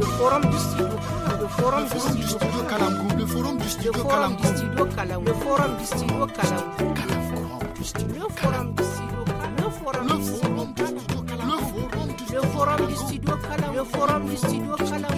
le forum du studio le forum du studio le forum du studio Kalamkou le forum du studio le forum du studio le forum du le forum du studio le forum du le forum du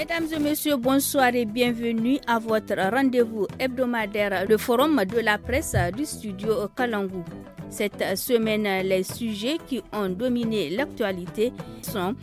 Mesdames et messieurs, bonsoir et bienvenue à votre rendez-vous hebdomadaire, le forum de la presse du studio Kalangou. Cette semaine, les sujets qui ont dominé l'actualité sont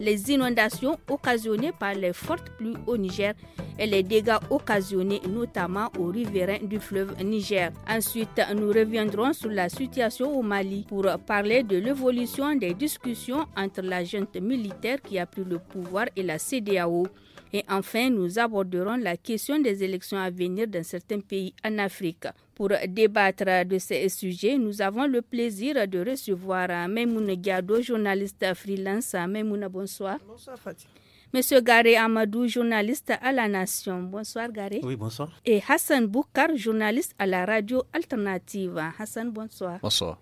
les inondations occasionnées par les fortes pluies au Niger et les dégâts occasionnés notamment aux riverains du fleuve Niger. Ensuite, nous reviendrons sur la situation au Mali pour parler de l'évolution des discussions entre la junte militaire qui a pris le pouvoir et la CDAO. Et enfin, nous aborderons la question des élections à venir dans certains pays en Afrique. Pour débattre de ces sujets, nous avons le plaisir de recevoir Memoun Gado, journaliste freelance. Maimouna, bonsoir. Bonsoir, Fatih. Monsieur Garé Amadou, journaliste à La Nation. Bonsoir Garé. Oui, bonsoir. Et Hassan Boukar, journaliste à la radio alternative. Hassan, bonsoir. Bonsoir.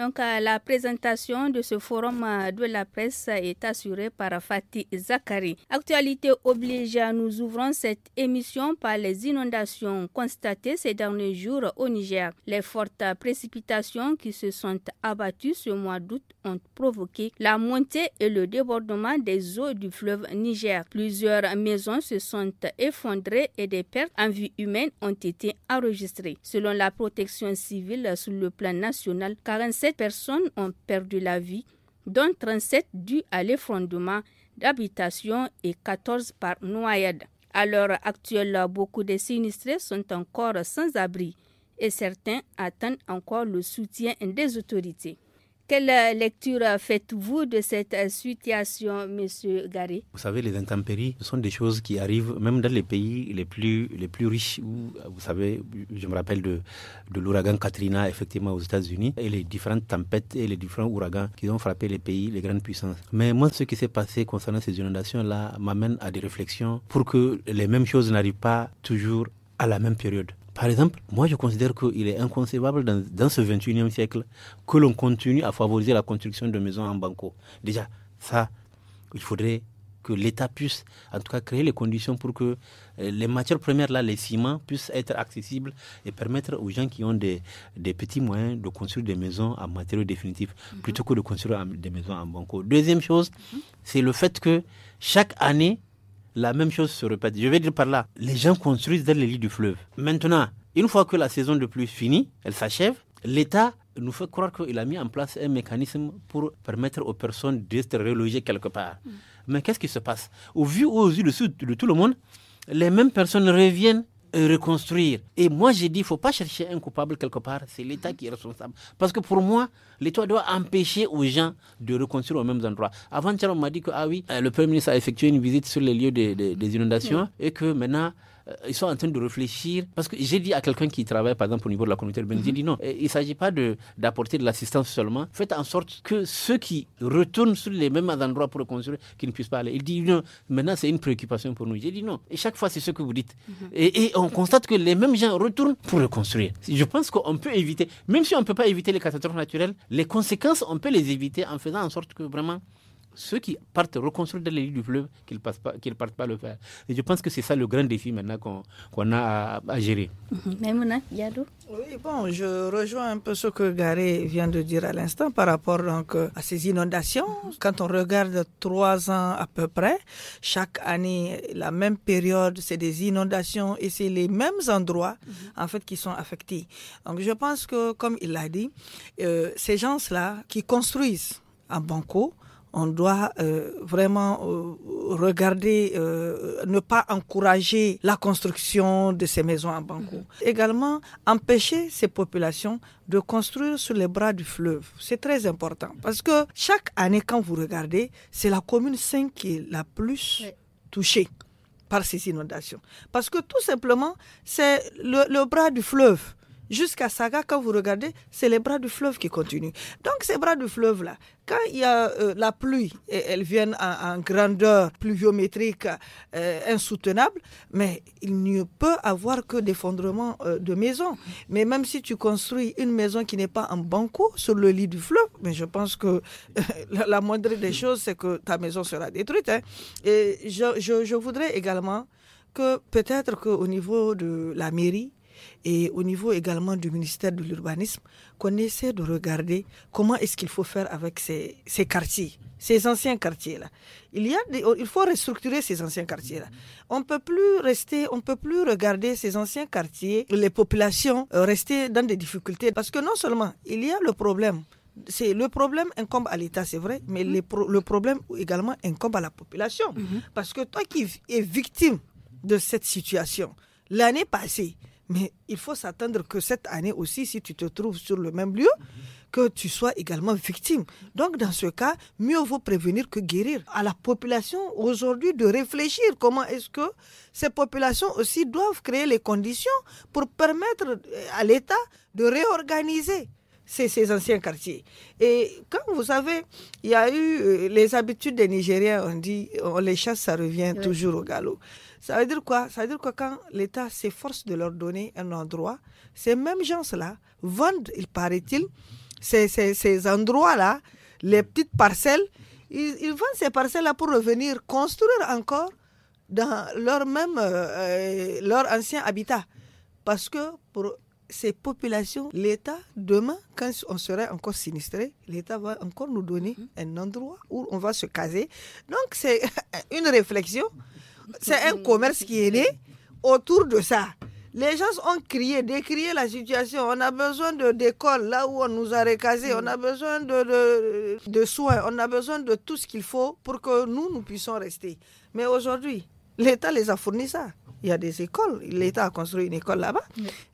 Donc, euh, la présentation de ce forum euh, de la presse est assurée par Fatih Zakari. Actualité obligée, nous ouvrons cette émission par les inondations constatées ces derniers jours au Niger. Les fortes précipitations qui se sont abattues ce mois d'août ont provoqué la montée et le débordement des eaux du fleuve Niger. Plusieurs maisons se sont effondrées et des pertes en vie humaine ont été enregistrées. Selon la protection civile sur le plan national, 47 personnes ont perdu la vie, dont 37 dues à l'effondrement d'habitations et 14 par noyade. À l'heure actuelle, beaucoup de sinistrés sont encore sans abri et certains attendent encore le soutien des autorités. Quelle euh, lecture faites-vous de cette euh, situation, Monsieur Gary Vous savez, les intempéries ce sont des choses qui arrivent même dans les pays les plus, les plus riches. Euh, vous savez, je me rappelle de, de l'ouragan Katrina, effectivement, aux États-Unis, et les différentes tempêtes et les différents ouragans qui ont frappé les pays, les grandes puissances. Mais moi, ce qui s'est passé concernant ces inondations-là m'amène à des réflexions pour que les mêmes choses n'arrivent pas toujours à la même période. Par exemple, moi je considère qu'il est inconcevable dans, ce 21e siècle que l'on continue à favoriser la construction de maisons en banco. Déjà, ça, il faudrait que l'État puisse, en tout cas, créer les conditions pour que euh, les matières premières, là, les ciments, puissent être accessibles et permettre aux gens qui ont des, petits moyens de construire des maisons en matériaux définitifs mhm. plutôt que de construire des maisons en banco. Deuxième chose, mhm. c'est le fait que chaque année, la même chose se répète. Je vais dire par là, les gens construisent dans les lits du fleuve. Maintenant, une fois que la saison de pluie finit, elle s'achève, l'État nous fait croire qu'il a mis en place un mécanisme pour permettre aux personnes d'être relogées quelque part. Mm. Mais qu'est-ce qui se passe Au vu aux yeux de tout le monde, les mêmes personnes reviennent euh, reconstruire. Et moi, j'ai dit, il ne faut pas chercher un coupable quelque part, c'est l'État qui est responsable. Parce que pour moi, l'État doit empêcher aux gens de reconstruire aux mêmes endroits. avant on m'a dit que, ah oui, euh, le Premier ministre a effectué une visite sur les lieux des, inondations hmm. et que maintenant, euh, ils sont en train de réfléchir. Parce que j'ai dit à quelqu'un qui travaille, par exemple, au niveau de la communauté urbaine, j'ai dit non, euh, il ne s'agit pas d'apporter de, l'assistance seulement. Faites en sorte que ceux qui retournent sur les mêmes endroits pour construire, qu'ils ne puissent pas aller. Il dit non, maintenant c'est une préoccupation pour nous. J'ai dit non. Et chaque fois, c'est ce que vous dites. Mhm. et, et, on constate que les mêmes gens retournent pour le construire. Je pense qu'on peut éviter, même si on ne peut pas éviter les catastrophes naturelles, les conséquences, on peut les éviter en faisant en sorte que vraiment ceux qui partent reconstruire les lieux du fleuve, qu'ils ne partent pas le faire. Et je pense que c'est ça le grand défi maintenant qu'on a à, à gérer. Mhm. Yadou Oui, bon, je rejoins un peu ce que Garé vient de dire à l'instant par rapport donc, à ces inondations. Quand on regarde trois ans à peu près, chaque année, la même période, c'est des inondations et c'est les mêmes endroits en fait qui sont affectés. Donc je pense que, comme il l'a dit, euh, ces gens-là qui construisent en banco, on doit euh, vraiment euh, regarder, euh, ne pas encourager la construction de ces maisons à Bangou. Mhm. Également, empêcher ces populations de construire sur les bras du fleuve. C'est très important parce que chaque année, quand vous regardez, c'est la commune 5 qui est la plus touchée par ces inondations. Parce que tout simplement, c'est le bras du fleuve jusqu'à Saga, quand vous regardez, c'est les bras du fleuve qui continuent. Donc ces bras du fleuve-là, quand il y a euh, la pluie, et elles viennent en, grandeur pluviométrique euh, insoutenable, mais il ne peut avoir que d'effondrement euh, de maisons. Mais même si tu construis une maison qui n'est pas en banco sur le lit du fleuve, mais je pense que la, moindre des choses, c'est que ta maison sera détruite. Hein. Et je, je voudrais également que peut-être qu'au niveau de la mairie, et au niveau également du ministère de l'Urbanisme qu'on essaie de regarder comment est-ce qu'il faut faire avec ces, ces quartiers, ces anciens quartiers-là. Il, y a oh, il faut restructurer ces anciens quartiers-là. On peut plus rester, on peut plus regarder ces anciens quartiers, les populations euh, rester dans des difficultés parce que non seulement il y a le problème c'est le problème incombe à l'État, c'est vrai, mais mhm. le problème également incombe à la population. Mhm. Parce que toi qui es victime de cette situation, l'année passée, mais il faut s'attendre que cette année aussi, si tu te trouves sur le même lieu, que tu sois également victime. Donc, dans ce cas, mieux vaut prévenir que guérir. À la population aujourd'hui de réfléchir comment est-ce que ces populations aussi doivent créer les conditions pour permettre euh, à l'État de réorganiser ces, anciens quartiers. Et comme vous savez, il y a eu euh, les habitudes des Nigériens, on dit on les chasse, ça revient toujours au galop. Ça veut dire quoi Ça veut dire que quand l'État s'efforce de leur donner un endroit, ces mêmes gens-là vendent, il paraît-il, ces, ces, ces endroits-là, les petites parcelles, ils, ils vendent ces parcelles-là pour revenir construire encore dans leur même euh, euh, leur ancien habitat. Parce que pour ces populations, l'État, demain, quand on serait encore sinistré, l'État va encore nous donner mhm. un endroit où on va se caser. Donc, c'est une réflexion c'est un mm. commerce qui est né autour de ça. Les gens ont crié, décrié la situation. On a besoin de d'écoles là où on nous a recasés. On a mm. besoin de, de, soins. On a besoin de tout ce qu'il faut pour que nous, nous puissions rester. Mais aujourd'hui, l'État les a fournis ça il y a des écoles. L'État a construit une école là-bas.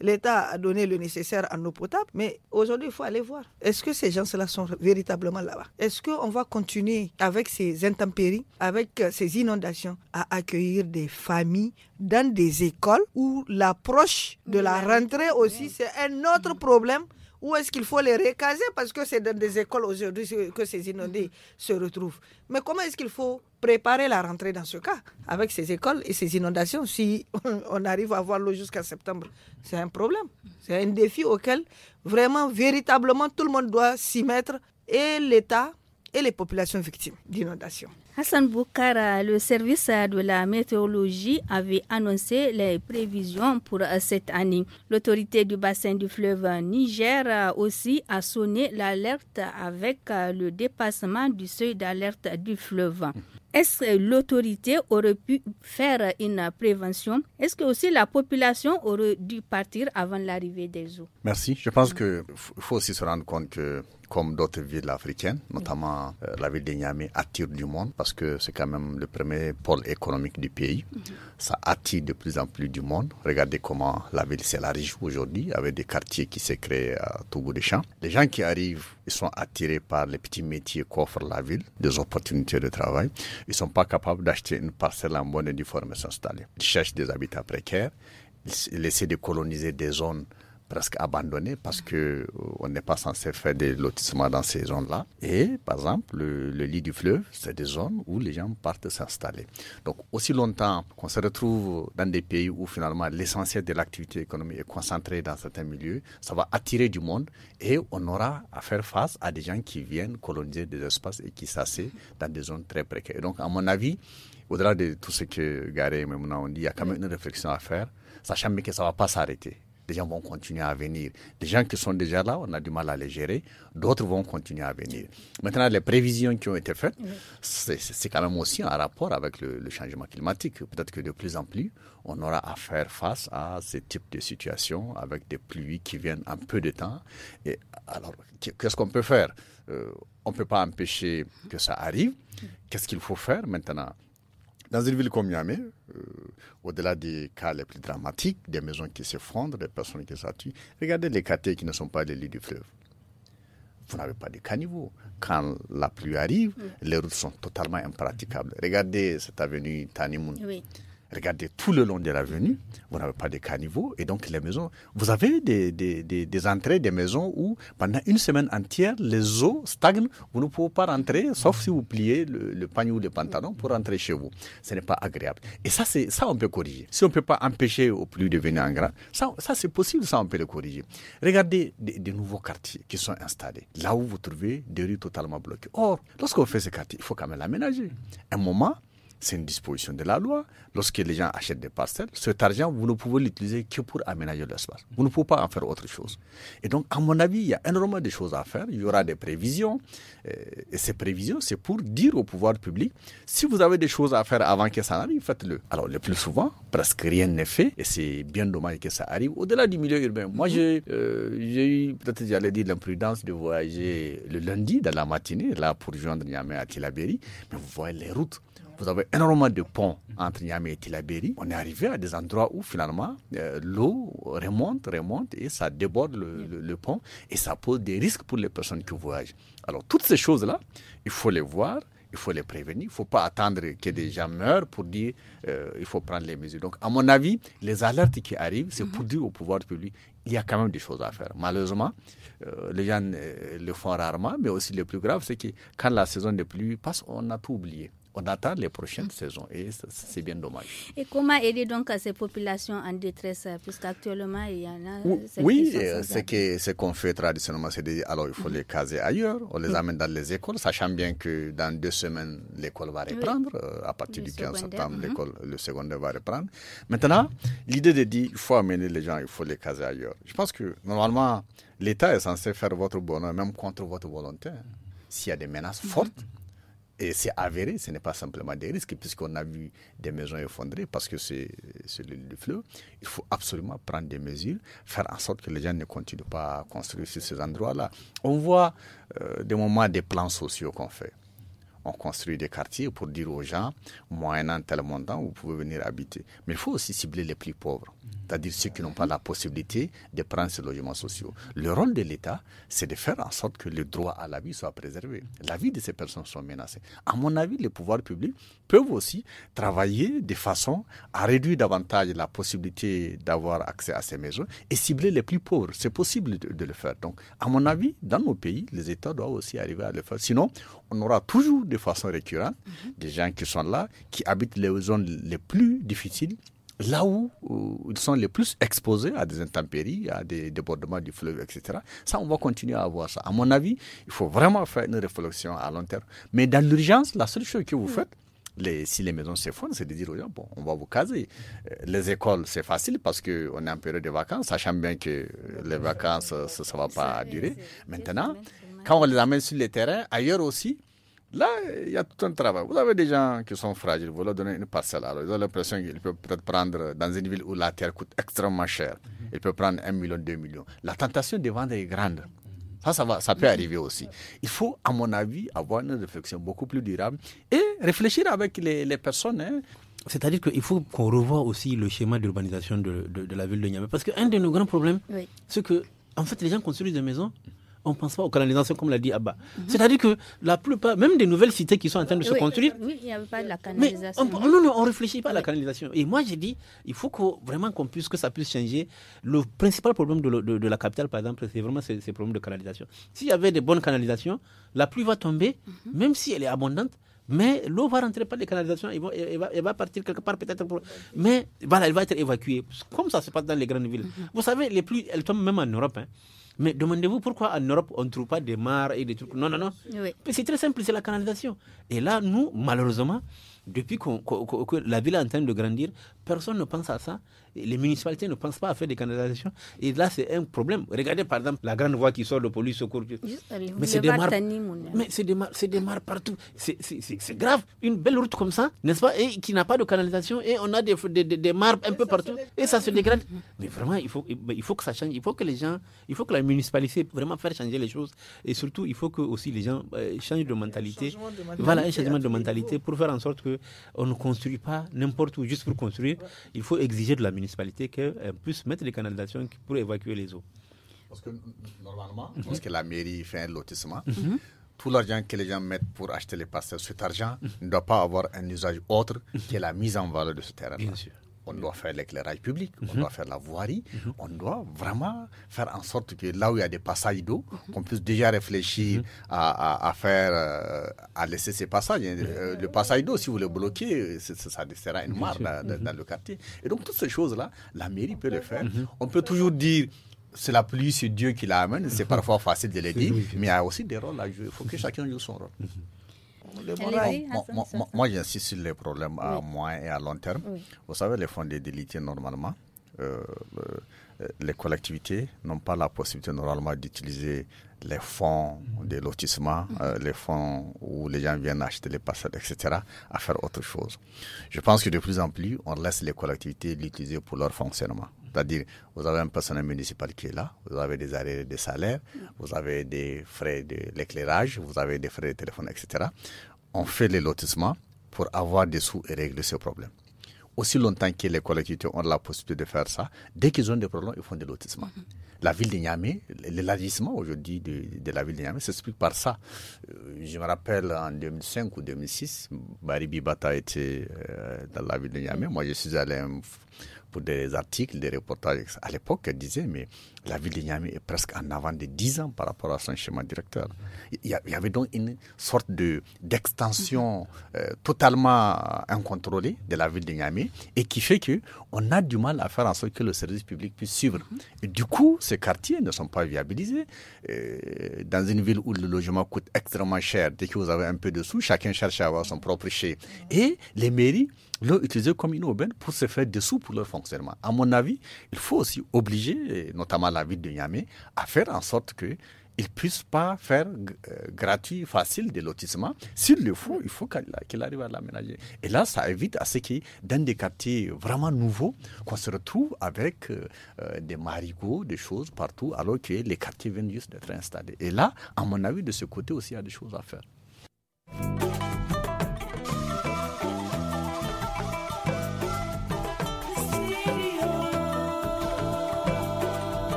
L'État a donné le nécessaire en eau potable. Mais aujourd'hui, il faut aller voir. Est-ce que ces gens-là sont véritablement là-bas Est-ce qu'on va continuer avec ces intempéries, avec euh, ces inondations, à accueillir des familles dans des écoles où l'approche de la rentrée aussi, c'est un autre problème ou est-ce qu'il faut les recaser parce que c'est dans des écoles aujourd'hui que ces inondés se retrouvent Mais comment est-ce qu'il faut préparer la rentrée dans ce cas avec ces écoles et ces inondations si on arrive à avoir l'eau jusqu'à septembre C'est un problème. C'est un défi auquel vraiment, véritablement, tout le monde doit s'y mettre et l'État et les populations victimes d'inondations. Hassan Boukara, le service de la météorologie, avait annoncé les prévisions pour euh, cette année. L'autorité du bassin du fleuve Niger euh, aussi a sonné l'alerte avec euh, le dépassement du seuil d'alerte du fleuve. Est-ce que l'autorité aurait pu faire une prévention Est-ce que aussi la population aurait dû partir avant l'arrivée des eaux Merci. Je pense qu'il faut aussi se rendre compte que, comme d'autres villes africaines, notamment la ville de Niamey, attire du monde parce que c'est quand même le premier pôle économique du pays. Mhm. Ça attire de plus en plus du monde. Regardez comment la ville s'élargit aujourd'hui avec des quartiers qui se créent à tout bout des champs. Les gens qui arrivent, ils sont attirés par les petits métiers qu'offre la ville, des opportunités de travail. Ils ne sont pas capables d'acheter une parcelle en bonne et due forme et s'installer. Ils cherchent des habitats précaires. Ils essaient de coloniser des zones presque abandonné parce que euh, on n'est pas censé faire des lotissements dans ces zones-là. Et par exemple, le, lit du fleuve, c'est des zones où les gens partent s'installer. Donc aussi longtemps qu'on se retrouve dans des pays où finalement l'essentiel de l'activité économique est concentré dans certains milieux, ça va attirer du monde et on aura à faire face à des gens qui viennent coloniser des espaces et qui s'assient dans des zones très précaires. donc à mon avis, au-delà de tout ce que Garé et Memouna ont dit, il y a quand même une réflexion à faire, sachant que ça ne va pas s'arrêter des gens vont continuer à venir. Des gens qui sont déjà là, on a du mal à les gérer. D'autres vont continuer à venir. Maintenant, les prévisions qui ont été faites, c'est quand même aussi un rapport avec le, changement climatique. Peut-être que de plus en plus, on aura à faire face à ce type de situation avec des pluies qui viennent en peu de temps. Et alors, qu'est-ce qu'on peut faire euh, On ne peut pas empêcher que ça arrive. Qu'est-ce qu'il faut faire maintenant dans une ville comme Niamey, euh, au-delà des cas les plus dramatiques, des maisons qui s'effondrent, des personnes qui s'attuent, regardez les quartiers qui ne sont pas les lits du fleuve. Vous n'avez pas de caniveau. Quand la pluie arrive, les routes sont totalement impraticables. Regardez cette avenue Tanimoun. Regardez tout le long de l'avenue, vous n'avez pas de caniveaux et donc les maisons. Vous avez des, entrées des maisons où pendant une semaine entière, les eaux stagnent. Vous ne pouvez pas rentrer sauf si vous pliez le, panier ou le pantalon pour rentrer chez vous. Ce n'est pas agréable. Et ça, c'est ça on peut corriger. Si on ne peut pas empêcher au plus de venir en grand, ça, ça c'est possible, ça on peut le corriger. Regardez des, des nouveaux quartiers qui sont installés, là où vous trouvez des rues totalement bloquées. Or, lorsqu'on fait ce quartier, il faut quand même l'aménager. Un moment, c'est une disposition de la loi. Lorsque les gens achètent des parcelles, cet argent, vous ne pouvez l'utiliser que pour aménager l'espace. Vous ne pouvez pas en faire autre chose. Et donc, à mon avis, il y a énormément de choses à faire. Il y aura des prévisions. Euh, et ces prévisions, c'est pour dire au pouvoir public, si vous avez des choses à faire avant que ça arrive, faites-le. Alors, le plus souvent, presque rien n'est fait. Et c'est bien dommage que ça arrive au-delà du milieu urbain. Moi, euh, j'ai eu, peut-être j'allais dire, l'imprudence de voyager le lundi dans la matinée, là, pour joindre Niamey à Tilaberi. Mais vous voyez les routes. Vous avez énormément de ponts entre Niamey et Tilaberi. On est arrivé à des endroits où finalement euh, l'eau remonte, remonte et ça déborde le, pont et ça pose des risques pour les personnes qui voyagent. Alors toutes ces choses-là, il faut les voir. Il faut les prévenir, il ne faut pas attendre que des gens meurent pour dire qu'il euh, il faut prendre les mesures. Donc, à mon avis, les alertes qui arrivent, c'est pour dire au pouvoir public il y a quand même des choses à faire. Malheureusement, euh, les gens le font rarement, mais aussi le plus grave, c'est que quand la saison des pluies passe, on a tout oublié on attend les prochaines saisons et c'est bien dommage. Et comment aider donc ces populations en détresse euh, puisqu'actuellement il y en a euh, Oui, euh, que, ce qu'on fait traditionnellement c'est de alors il faut mhm. les caser ailleurs, on les mhm. amène dans les écoles, sachant bien que dans deux semaines l'école va reprendre à partir du 15 septembre mhm. l'école le secondaire va reprendre. Maintenant, l'idée de dire il faut amener les gens, il faut les caser ailleurs. Je pense que normalement l'État est censé faire votre bonheur même contre votre volonté hein. s'il y a des menaces fortes et c'est avéré, ce n'est pas simplement des risques, puisqu'on a vu des maisons effondrées parce que c'est l'île du fleuve. Il faut absolument prendre des mesures, faire en sorte que les gens ne continuent pas à construire sur ces endroits-là. On voit euh, des moments des plans sociaux qu'on fait on construit des quartiers pour dire aux gens, moyennant tel montant, vous pouvez venir habiter. Mais il faut aussi cibler les plus pauvres, c'est-à-dire ceux qui n'ont pas la possibilité de prendre ces logements sociaux. Le rôle de l'État, c'est de faire en sorte que le droit à la vie soit préservé. La vie de ces personnes sont menacées. À mon avis, les pouvoirs publics peuvent aussi travailler de façon à réduire davantage la possibilité d'avoir accès à ces maisons et cibler les plus pauvres. C'est possible de, de le faire. Donc, à mon avis, dans nos pays, les États doivent aussi arriver à le faire. Sinon, on aura toujours de façon récurrente mhm. des gens qui sont là, qui habitent les zones les plus difficiles, là où, ils sont les plus exposés à des intempéries, à des débordements du fleuve, etc. Ça, on va continuer à avoir ça. À mon avis, il faut vraiment faire une réflexion à long terme. Mais dans l'urgence, la seule chose que vous mm. faites, les, si les maisons s'effondrent, c'est de dire aux gens, bon, on va vous caser. Euh, les écoles, c'est facile parce qu'on est en période de vacances, sachant bien que euh, les vacances, euh, ça ne va pas durer. Maintenant, quand on les amène sur les terrains, ailleurs aussi, là, il y a tout un travail. Vous avez des gens qui sont fragiles, vous leur donnez une parcelle. Alors, ils ont l'impression qu'ils peuvent peut prendre, dans une ville où la terre coûte extrêmement cher, ils peuvent prendre 1 million, 2 millions. La tentation de vendre est grande. Ça, ça, va, ça peut arriver aussi. Il faut, à mon avis, avoir une réflexion beaucoup plus durable et réfléchir avec les, personnes. Hein. C'est-à-dire qu'il faut qu'on revoie aussi le schéma d'urbanisation de, la ville de Niamey. Parce qu'un de nos grands problèmes, c'est que, en fait, les gens construisent des maisons, on ne pense pas aux canalisations, comme l'a dit Abba. C'est-à-dire que la plupart, même des nouvelles cités qui sont en train de se construire. Euh, oui, il n'y avait pas de canalisation. Mais on, on ne réfléchit pas à la canalisation. Et moi, j'ai dit, il faut que, vraiment qu'on puisse, que ça puisse changer. Le principal problème de, la capitale, par exemple, c'est vraiment ces, problèmes de canalisation. S'il y avait des bonnes canalisations, la pluie va tomber, mhm. même si elle est abondante, mais l'eau va rentrer par les canalisations, elle va, partir quelque part peut-être. Mais voilà, elle va être évacuée, comme ça se passe dans les grandes villes. Mhm. Vous savez, les pluies, elles tombent même en Europe. Hein. Mais demandez-vous pourquoi en Europe, on ne trouve pas des mares et des trucs. Non, non, non. C'est très simple, c'est la canalisation. Et là, nous, malheureusement, depuis que la ville est en train de grandir, personne ne pense à ça les municipalités ne pensent pas à faire des canalisations. Et là, c'est un problème. Regardez par exemple la grande voie qui sort de police au cours du... Mais c'est des, marbres. des, des partout. C'est grave. Une belle route comme ça, n'est-ce pas Et qui n'a pas de canalisation. Et on a des, des, des un peu partout. Et ça se dégrade. Mais vraiment, il faut, il faut que ça change. Il faut que les gens, il faut que la municipalité vraiment faire changer les choses. Et surtout, il faut que aussi les gens euh, changent de mentalité. De mentalité. Voilà, un changement de mentalité pour faire en sorte qu'on ne construit pas n'importe où juste pour construire. Il faut exiger de la municipalité municipalité qu'elles euh, puisse mettre les canalisations pour évacuer les eaux. Parce que mm, normalement, mhm. lorsque la mairie fait un lotissement, mhm. Mhm. tout l'argent que les gens mettent pour acheter les parcelles, cet argent ne doit pas avoir un usage autre que la mise en valeur de ce terrain. -là. Bien sûr on doit faire l'éclairage public, on mm-hmm. doit faire la voirie, mm-hmm. on doit vraiment faire en sorte que là où il y a des passages d'eau, mm-hmm. on puisse déjà réfléchir à, faire, euh, à laisser ces passages. Euh, le passage d'eau, si vous le bloquez, ça sera une marre dans, le quartier. Et donc toutes ces choses-là, la mairie peut le faire. On peut toujours dire c'est la pluie, c'est Dieu qui l'amène. C'est parfois facile de le dire, mais il y a aussi des rôles à jouer. Il faut que chacun joue son rôle. Moi, j'insiste sur les problèmes à moyen et à long terme. Vous savez, les fonds des délits, normalement, euh, les collectivités n'ont pas la possibilité normalement d'utiliser les fonds mhm. des lotissements, mhm. euh, les fonds où les gens viennent acheter les passades, etc., à faire autre chose. Je pense que de plus en plus, on laisse les collectivités l'utiliser pour leur fonctionnement. C'est-à-dire, vous avez un personnel municipal qui est là, vous avez des arrêts de salaire, vous avez des frais de l'éclairage, vous avez des frais de téléphone, etc. On fait les lotissements pour avoir des sous et régler ce problème. Aussi longtemps que les collectivités ont la possibilité de faire ça, dès qu'ils ont des problèmes, ils font des lotissements. La ville de Niamey, l'élargissement aujourd'hui de, la ville de Niamey s'explique par ça. Euh, je me rappelle en 2005 ou 2006, Baribi Bata était euh, dans la ville de Niamey. Moi, je suis allé pour des articles, des reportages. À l'époque, elle disait, mais la ville de Niamey est presque en avant de 10 ans par rapport à son schéma directeur. Il y avait donc une sorte de, d'extension euh, totalement incontrôlée de la ville de Niamey et qui fait qu'on a du mal à faire en sorte que le service public puisse suivre. Et du coup, ces quartiers ne sont pas viabilisés. Euh, dans une ville où le logement coûte extrêmement cher, dès que vous avez un peu de sous, chacun cherche à avoir son propre chez. Et les mairies l'ont utilisé comme une aubaine pour se faire des sous pour leur fonctionnement. À mon avis, il faut aussi obliger, notamment la ville de Niamey, à faire en sorte que ils ne puissent pas faire euh, gratuit, facile des lotissements. S'il le faut, il faut qu'il arrive à l'aménager. Et là, ça évite à ce que dans des quartiers vraiment nouveaux, qu'on se retrouve avec euh, euh, des marigots, des choses partout, alors que les quartiers viennent juste d'être installés. Et là, à mon avis, de ce côté aussi, il y a des choses à faire.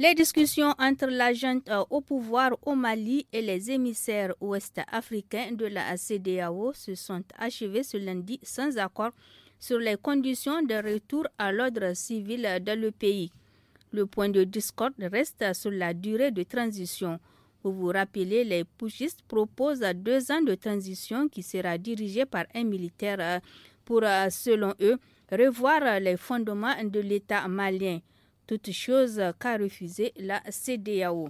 Les discussions entre l'agent euh, au pouvoir au Mali et les émissaires ouest-africains de la CDAO se sont achevées ce lundi sans accord sur les conditions de retour à l'ordre civil dans le pays. Le point de discorde reste sur la durée de transition. Vous vous rappelez, les putschistes proposent deux ans de transition qui sera dirigée par un militaire euh, pour, euh, selon eux, revoir les fondements de l'État malien toute chose qu'a refusé la CDAO.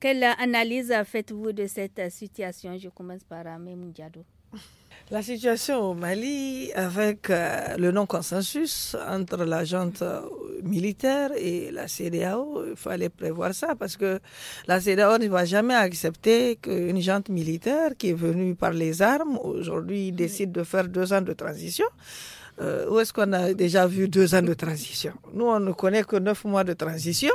Quelle analyse faites-vous de cette situation Je commence par Mme Diado. La situation au Mali, avec euh, le non-consensus entre la junte militaire et la CDAO, il fallait prévoir ça parce que la CDAO ne va jamais accepter qu'une jante militaire qui est venue par les armes aujourd'hui décide de faire deux ans de transition euh, où est-ce qu'on a déjà vu deux ans de transition Nous, on ne connaît que neuf mois de transition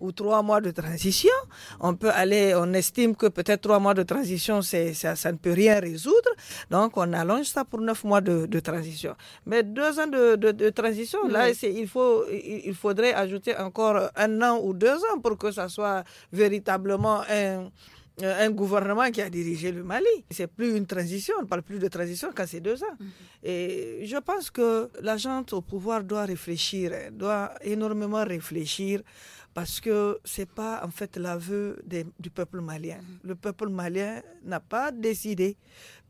ou trois mois de transition. On peut aller, on estime que peut-être trois mois de transition, c'est, ça, ne peut rien résoudre. Donc, on allonge ça pour neuf mois de, transition. Mais deux ans de, transition, là, il, faut, il faudrait ajouter encore un an ou deux ans pour que ça soit véritablement un euh, un gouvernement qui a dirigé le Mali. C'est plus une transition, on ne parle plus de transition quand c'est deux ans. Mhm. Et je pense que la gente au pouvoir doit réfléchir, hein, doit énormément réfléchir parce que ce n'est pas en fait l'aveu du peuple malien. Mhm. Le peuple malien n'a pas décidé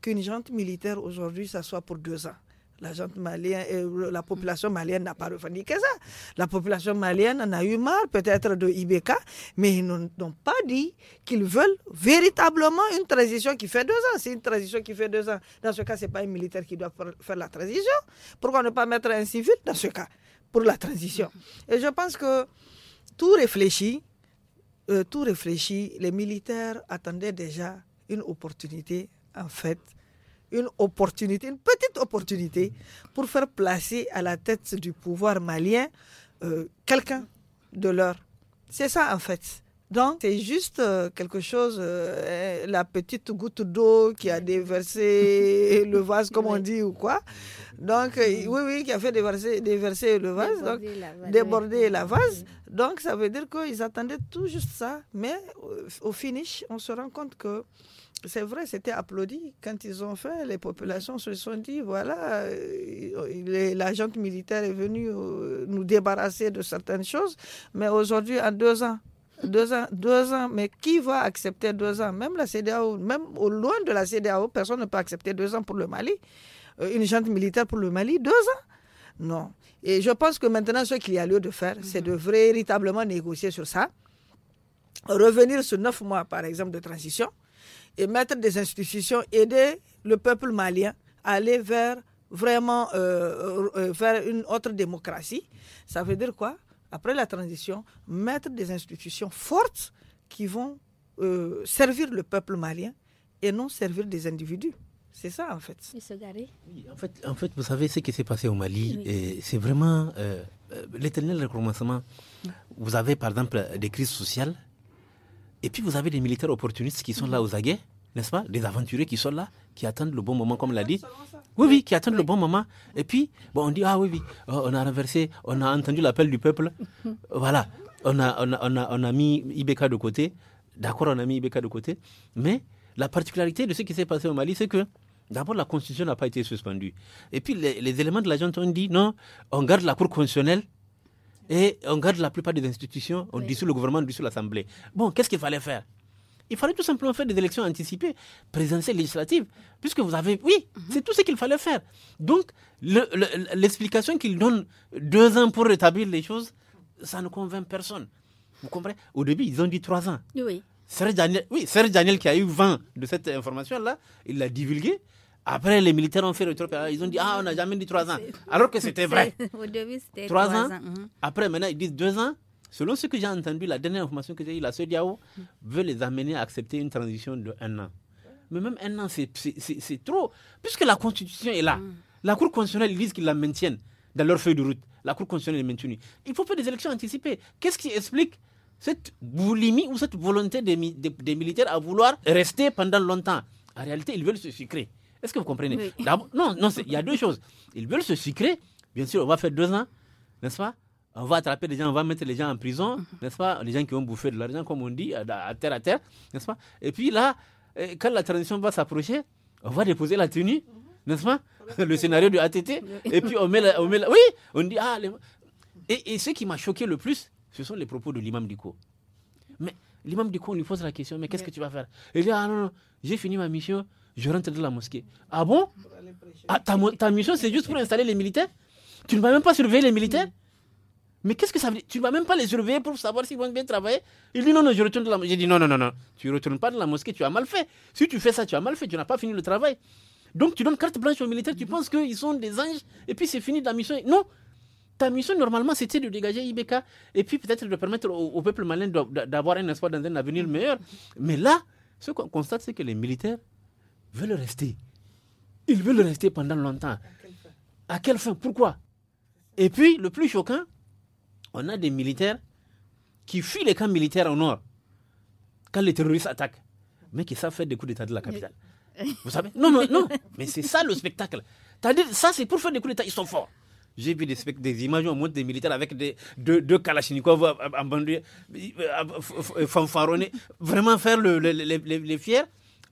qu'une gente militaire aujourd'hui, ça soit pour deux ans. La, gente malienne, euh, la population malienne n'a pas revendiqué ça. La population malienne en a eu marre peut-être de Ibeka, mais ils n'ont pas dit qu'ils veulent véritablement une transition qui fait deux ans. C'est une transition qui fait deux ans. Dans ce cas, ce n'est pas un militaire qui doit faire la transition. Pourquoi ne pas mettre un civil dans ce cas pour la transition Et je pense que tout réfléchi, euh, tout réfléchi, les militaires attendaient déjà une opportunité, en fait, une opportunité, une petite opportunité pour faire placer à la tête du pouvoir malien euh, quelqu'un de leur. C'est ça en fait. Donc, c'est juste euh, quelque chose, euh, euh, la petite goutte d'eau qui a déversé le vase, comme on dit, ou quoi. Donc, oui, oui, qui a fait déverser, déverser le vase, déborder, donc, la, déborder la vase. Donc, ça veut dire qu'ils attendaient tout juste ça. Mais au finish, on se rend compte que c'est vrai, c'était applaudi quand ils ont fait. Les populations se sont dit, voilà, l'agent militaire est venu nous débarrasser de certaines choses. Mais aujourd'hui, en deux ans, deux ans, deux ans, mais qui va accepter deux ans Même la CDAO, même au loin de la CDAO, personne ne peut accepter deux ans pour le Mali. Euh, une gente militaire pour le Mali, deux ans Non. Et je pense que maintenant, ce qu'il y a lieu de faire, c'est de mhm. véritablement négocier sur ça, revenir sur neuf mois, par exemple, de transition, et mettre des institutions, aider le peuple malien à aller vers vraiment euh, euh, vers une autre démocratie. Ça veut dire quoi après la transition, mettre des institutions fortes qui vont euh, servir le peuple malien et non servir des individus. C'est ça en fait. Oui, en fait. En fait, vous savez ce qui s'est passé au Mali, c'est vraiment euh, euh, l'éternel recommencement. Vous avez par exemple des crises sociales, et puis vous avez des militaires opportunistes qui sont mm-hmm. là aux aguets, n'est-ce pas, des aventuriers qui sont là, qui attendent le bon moment, comme l'a dit. Ah, oui, oui, qui attendent le bon moment. Et puis, bon, on dit, ah oui, oui, oh, on a renversé, on a entendu l'appel du peuple. Voilà, on a, a, on, a, mis Ibeka de côté. D'accord, on a mis Ibeka de côté. Mais la particularité de ce qui s'est passé au Mali, c'est que D'abord, la constitution n'a pas été suspendue. Et puis, les, éléments de la junte ont dit non, on garde la Cour constitutionnelle et on garde la plupart des institutions, on dissout le gouvernement, on dissout l'Assemblée. Bon, qu'est-ce qu'il fallait faire il fallait tout simplement faire des élections anticipées, présidentielles, législatives, puisque vous avez... Oui, mhm. c'est tout ce qu'il fallait faire. Donc, l'explication qu'ils donnent, qu'il donne deux ans pour rétablir les choses, ça ne convainc personne. Vous comprenez Au début, ils ont dit trois ans. Oui. Serge Daniel, qui a eu 20 de cette information-là, il l'a divulguée. Après, les militaires ont fait le truc. Ils ont dit Ah, on n'a jamais dit trois ans. Alors que c'était vrai. Au début, c'était trois, ans. Mhm. Après, maintenant, ils disent deux ans. Selon ce que j'ai entendu, la dernière information que j'ai eue, la CEDIAO veut les amener à accepter une transition de un an. Mais même un an, c'est trop. Puisque la Constitution est là. Mm. La Cour constitutionnelle, ils disent qu'ils la maintiennent dans leur feuille de route. La Cour constitutionnelle est maintenue. Il faut faire des élections anticipées. Qu'est-ce qui explique cette boulimie ou cette volonté des, militaires à vouloir rester pendant longtemps En réalité, ils veulent se sucrer. Est-ce que vous comprenez Non, non, il y a deux choses. Ils veulent se sucrer. Bien sûr, on va faire deux ans, n'est-ce pas on va attraper les gens, on va mettre les gens en prison, mhm. n'est-ce pas Les gens qui ont bouffé de l'argent, comme on dit, à, terre à terre, n'est-ce pas Et puis là, eh, quand la transition va s'approcher, on va déposer la tenue, mhm. n'est-ce pas Le scénario du ATT. Et puis on met la, Oui, on dit. Ah, et, ce qui m'a choqué le plus, ce sont les propos de l'imam Diko. Mais l'imam Diko, on lui pose la question mais qu'est-ce que tu vas faire Il dit Ah non, non, j'ai fini ma mission, je rentre dans la mosquée. Ah bon ah, ta, ta, mission, c'est juste pour installer les militaires Tu ne vas même pas surveiller les militaires mais qu'est-ce que ça veut dire Tu ne vas même pas les surveiller pour savoir s'ils vont bien travailler Il dit non, non, je retourne de la mosquée. J'ai dit non, non, non, non, tu ne retournes pas de la mosquée, tu as mal fait. Si tu fais ça, tu as mal fait, tu n'as pas fini le travail. Donc tu donnes carte blanche aux militaires, tu penses qu'ils sont des anges et puis c'est fini ta mission. Non Ta mission, normalement, c'était de dégager Ibeka et puis peut-être de permettre au, peuple malin d'avoir un espoir dans un avenir meilleur. Mais là, ce qu'on constate, c'est que les militaires veulent rester. Ils veulent rester pendant longtemps. À à quelle fin Pourquoi Et puis, le plus choquant, on a des militaires qui fuient les camps militaires au nord quand les terroristes attaquent, mais qui savent faire des coups d'état de la capitale. Vous savez Non, non, non. Mais c'est ça le spectacle. T'as dit ça, c'est pour faire des coups d'État. Ils sont forts. J'ai vu des, des images où on montre des militaires avec des, deux, Kalachnikovs euh, euh, en euh, fanfaronnés, vraiment faire les, les fiers.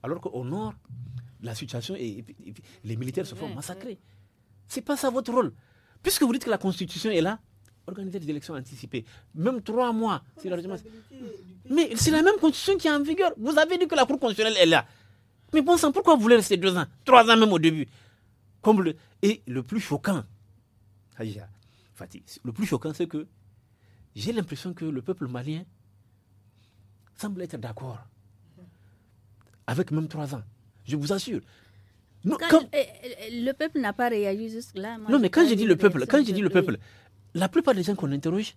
Alors qu'au nord, la situation est. Les militaires se font massacrer. C'est pas ça votre rôle. Puisque vous dites que la constitution est là, organiser des élections anticipées. Même trois mois. Mais c'est la même constitution qui est en vigueur. Vous avez dit que la Cour constitutionnelle est là. Mais bon sang, pourquoi vous voulez rester deux ans Trois ans même au début. Comme Et le plus choquant, le plus choquant, c'est que j'ai l'impression que le peuple malien semble être d'accord. Avec même trois ans. Je vous assure. Eh, eh, le peuple n'a pas réagi jusque-là. Non, mais quand je dis le peuple, quand je dis le peuple, la plupart des gens qu'on interroge,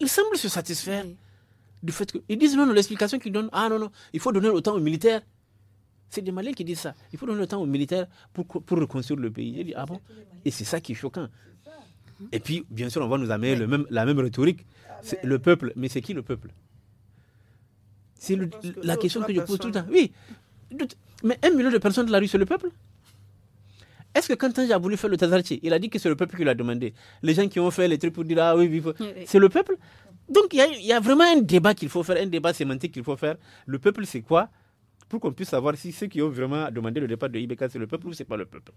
ils semblent se satisfaire du fait qu'ils disent non, non l'explication qu'ils donnent, ah non, non, il faut donner autant temps aux militaires. C'est des Maliens qui disent ça. Il faut donner le temps aux militaires pour, reconstruire le pays. ah bon Et c'est ça qui est choquant. Et puis, bien sûr, on va nous amener le même, la même rhétorique. Ah, c'est Le peuple, mais c'est qui le peuple C'est la question que je pose tout le temps. Oui. Mais un million de personnes de la rue, c'est le peuple est-ce que quand il a voulu faire le Tazarchi, il a dit que c'est le peuple qui l'a demandé Les gens qui ont fait les trucs pour dire Ah oui, vive, c'est le peuple. Donc il y, a vraiment un débat qu'il faut faire, un débat sémantique qu'il faut faire. Le peuple, c'est quoi Pour qu'on puisse savoir si ceux qui ont vraiment demandé le départ de Ibeka, c'est le peuple ou c'est pas le peuple.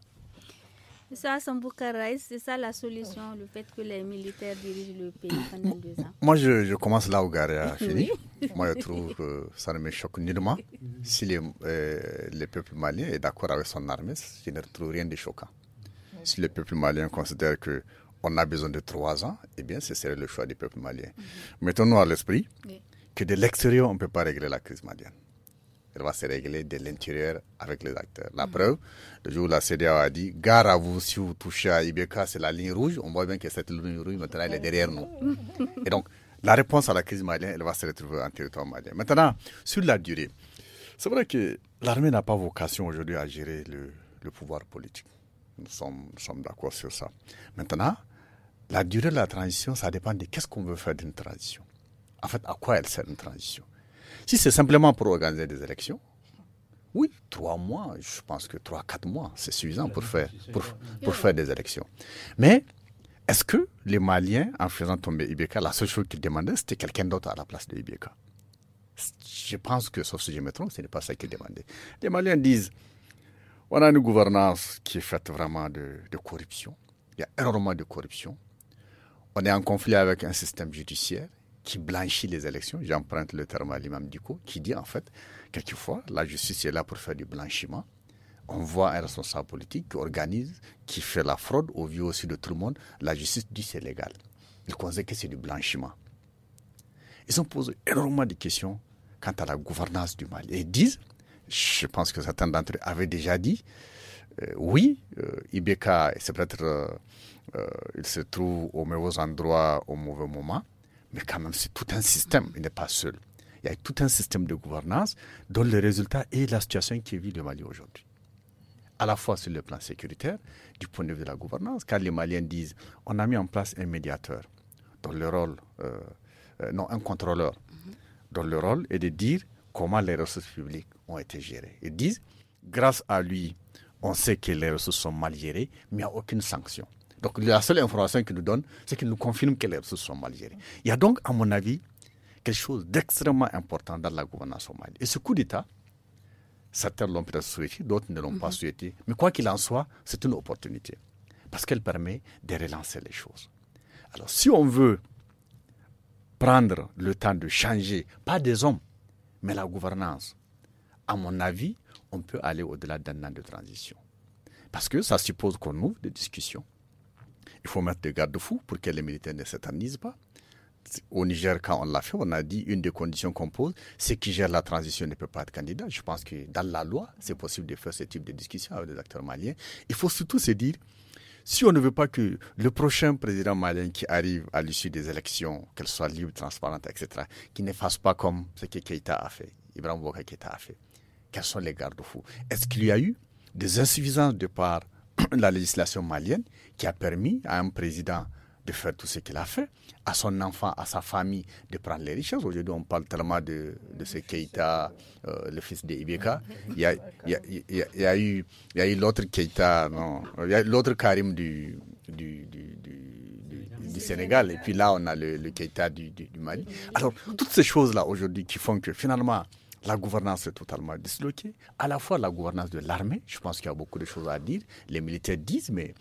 Ça, c'est ça la solution, le fait que les militaires dirigent le pays pendant deux ans Moi, je, commence là au Gary à fini. Moi, je trouve que ça ne me choque nullement. Mhm. Si les, euh, le peuple malien est d'accord avec son armée, je ne trouve rien de choquant. Si le peuple malien considère que on a besoin de trois ans, eh bien, ce serait le choix du peuple malien. Mhm. Mettons-nous à l'esprit que de l'extérieur, on ne peut pas régler la crise malienne elle va se régler de l'intérieur avec les acteurs. La mm. preuve, le jour où la CDA a dit Gare à vous, si vous touchez à Ibeka, c'est la ligne rouge, on voit bien que cette ligne rouge, maintenant, elle est derrière nous. Et donc, la réponse à la crise malienne, elle va se retrouver en territoire malien. Maintenant, sur la durée, c'est vrai que l'armée n'a pas vocation aujourd'hui à gérer le, pouvoir politique. Nous sommes, sommes d'accord sur ça. Maintenant, la durée de la transition, ça dépend de qu'est-ce qu'on veut faire d'une transition. En fait, à quoi elle sert une transition si c'est simplement pour organiser des élections, oui, trois mois, je pense que trois, quatre mois, c'est suffisant pour faire, pour, faire des élections. Mais est-ce que les Maliens, en faisant tomber Ibeka, la seule chose qu'ils demandaient, c'était quelqu'un d'autre à la place de Ibeka Je pense que, sauf si je me trompe, ce n'est pas ça qu'ils demandaient. Les Maliens disent on a une gouvernance qui est faite vraiment de, de corruption. Il y a énormément de corruption. On est en conflit avec un système judiciaire qui blanchit les élections. J'emprunte le terme à l'imam Diko, qui dit en fait, quelquefois, la justice est là pour faire du blanchiment. On voit un responsable politique qui organise, qui fait la fraude au vu aussi de tout le monde. La justice dit c'est légal. Ils considèrent que c'est du blanchiment. Ils ont posé énormément de questions quant à la gouvernance du Mali. ils disent, je pense que certains d'entre eux avaient déjà dit, euh, oui, euh, Ibeka, c'est peut-être, euh, il se trouve au mauvais endroit au mauvais moment. Mais quand même, c'est tout un système, il n'est pas seul. Il y a tout un système de gouvernance dont le résultat est la situation qui vit le Mali aujourd'hui. À la fois sur le plan sécuritaire, du point de vue de la gouvernance, car les Maliens disent on a mis en place un médiateur dont le rôle, euh, euh, non, un contrôleur, mm-hmm. dont le rôle est de dire comment les ressources publiques ont été gérées. Ils disent grâce à lui, on sait que les ressources sont mal gérées, mais il n'y a aucune sanction. Donc la seule information qu'il nous donne, c'est qu'il nous confirme que les ressources sont mal gérées. Il y a donc, à mon avis, quelque chose d'extrêmement important dans la gouvernance au Mali. Et ce coup d'État, certains l'ont peut-être souhaité, d'autres ne l'ont pas mhm. souhaité. Mais quoi qu'il en soit, c'est une opportunité. Parce qu'elle permet de relancer les choses. Alors si on veut prendre le temps de changer, pas des hommes, mais la gouvernance, à mon avis, on peut aller au-delà d'un an de transition. Parce que ça suppose qu'on ouvre des discussions il faut mettre des garde-fous pour que les militaires ne s'éternisent pas. Au Niger, quand on l'a fait, on a dit une des conditions qu'on pose, c'est qui gère la transition ne peut pas être candidat. Je pense que dans la loi, c'est possible de faire ce type de discussion avec des acteurs maliens. Il faut surtout se dire, si on ne veut pas que le prochain président malien qui arrive à l'issue des élections, qu'elle soit libre, transparente, etc., qui ne fasse pas comme ce que Keïta a fait, Ibrahim Boubacar Keïta a fait, quels sont les garde-fous Est-ce qu'il y a eu des insuffisances de part la législation malienne qui a permis à un président de faire tout ce qu'il a fait, à son enfant, à sa famille de prendre les richesses. Aujourd'hui, on parle tellement de, de ce Keïta, euh, le fils d'Ibeka. Il y a, il y a, il y a eu, il y a l'autre Keïta, non, l'autre Karim du, du, du, du, Sénégal. Et puis là, on a le, Keïta du, du Mali. Alors, toutes ces choses-là aujourd'hui qui font que finalement, la gouvernance est totalement disloquée. À la fois la gouvernance de l'armée, je pense qu'il y a beaucoup de choses à dire. Les militaires disent, mais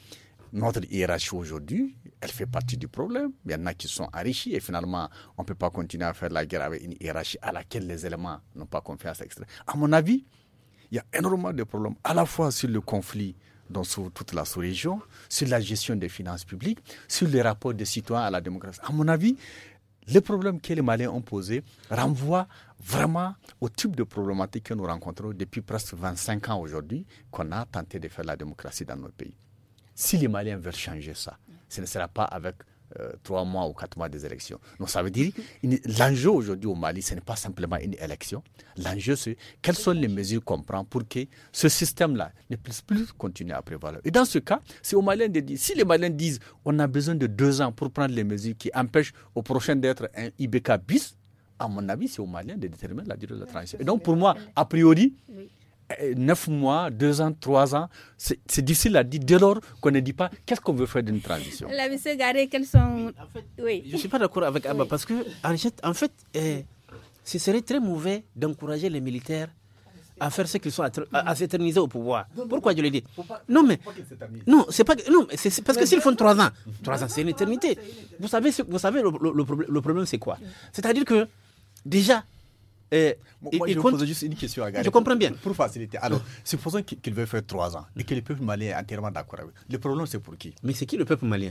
notre hiérarchie aujourd'hui, elle fait partie du problème. Il y en a qui sont enrichis et finalement, on ne peut pas continuer à faire la guerre avec une hiérarchie à laquelle les éléments n'ont pas confiance. À mon avis, il y a énormément de problèmes, à la fois sur le conflit dans toute la sous-région, sur la gestion des finances publiques, sur les rapports des citoyens à la démocratie. À mon avis, les problèmes que les Maliens ont posés renvoient vraiment au type de problématique que nous rencontrons depuis presque 25 ans aujourd'hui qu'on a tenté de faire la démocratie dans notre pays. Si les Maliens veulent changer ça, ce ne sera pas avec euh, trois mois ou quatre mois des élections. Donc ça veut dire l'enjeu aujourd'hui au Mali, ce n'est pas simplement une élection. L'enjeu, c'est quelles sont les mesures qu'on prend pour que ce système-là ne puisse plus continuer à prévaloir. Et dans ce cas, c'est aux Maliens de dire, si les Maliens disent on a besoin de deux ans pour prendre les mesures qui empêchent au prochain d'être un IBK bis, à mon avis, c'est aux Maliens de déterminer la durée de la transition. Et donc pour moi, a priori, 9 eh, mois, 2 ans, 3 ans. C'est difficile à dire dès lors qu'on ne dit pas qu'est-ce qu'on veut faire d'une transition. La monsieur Garé, quels sont. oui. Je ne suis pas d'accord avec Abba parce que, en fait, eh, ce serait très mauvais d'encourager les militaires à faire ce qu'ils sont à, s'éterniser au pouvoir. Pourquoi je le dis Non, mais non, c'est pas non, c'est parce que s'ils font trois ans, 3 ans, c'est une éternité. Vous savez, vous savez le, le problème, c'est quoi C'est-à-dire que déjà et, je juste une question à Je comprends bien. Pour faciliter. Alors, supposons qu'il veut faire trois ans et que le peuple malien est entièrement d'accord avec. Le problème, c'est pour qui Mais c'est qui le peuple malien